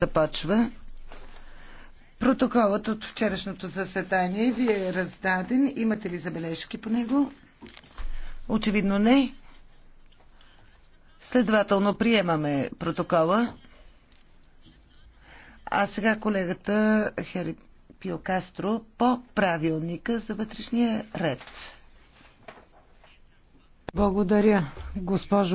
Започва. Протоколът от вчерашното заседание ви е раздаден. Имате ли забележки по него? Очевидно не. Следователно приемаме протокола. А сега колегата Хери Пио Кастро по правилника за вътрешния ред. Благодаря, госпожо